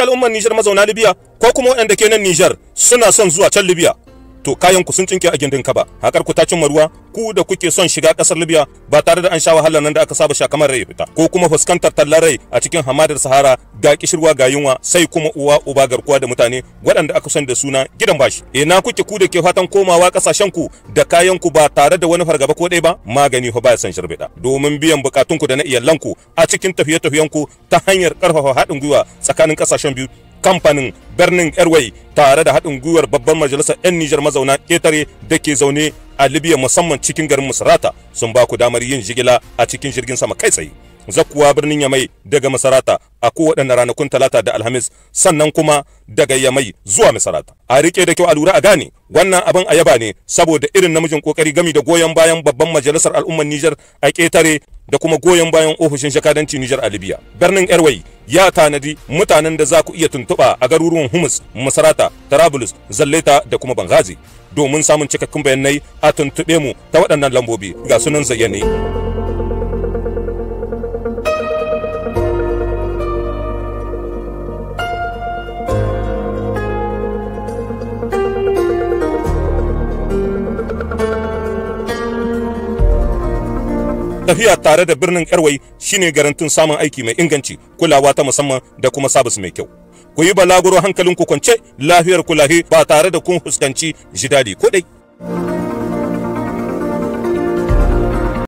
yake al'ummar Nijar mazauna Libya ko kuma waɗanda ke nan Nijar suna son zuwa can Libya to kayan ku sun cinke a gindin ba hakar ku ta cimma ruwa ku da kuke son shiga kasar Libya ba tare da an sha wahalar nan da aka saba sha kamar rai fita ko kuma fuskantar tallar rai a cikin hamadar Sahara ga kishirwa ga yunwa sai kuma uwa uba garkuwa da mutane waɗanda aka san da suna gidan bashi na kuke ku da ke fatan komawa kasashen ku da kayan ku ba tare da wani fargaba ko ɗaya ba magani fa ba san shirbida domin biyan bukatun ku da na iyalan ku a cikin tafiye-tafiyen ku ta hanyar karfafa haɗin gwiwa tsakanin kasashen biyu kamfanin birnin airway tare da haɗin gwiwar babban majalisar 'yan nijar mazauna ƙetare da ke zaune a libya musamman cikin garin masarata sun ba ku damar yin jigila a cikin jirgin sama kai tsaye zakuwa birnin yamai daga masarata a kowaɗanne ranakun talata da alhamis sannan kuma daga yamai zuwa masarata a riƙe da kyau a lura a gane wannan abin a yaba ne saboda irin namijin ƙoƙari gami da goyon bayan babban majalisar al'ummar nijar a ƙetare da kuma goyon bayan ofishin shakadanci Nijar a Libya. Birnin Airway ya tanadi mutanen da za ku iya tuntuɓa a garuruwan Humus, Masarata, Tarabulus, Zalleta da kuma Bangazi domin samun cikakkun bayanai a tuntuɓe mu ta waɗannan lambobi ga sunan zayyane. tafiya tare da birnin Erwai shine garantin samun aiki mai inganci, kulawa ta musamman da kuma sabis mai kyau. Ku yi balaguro hankalinku kwance lafiyar ku ba tare da kun fuskanci jidali kuɗai.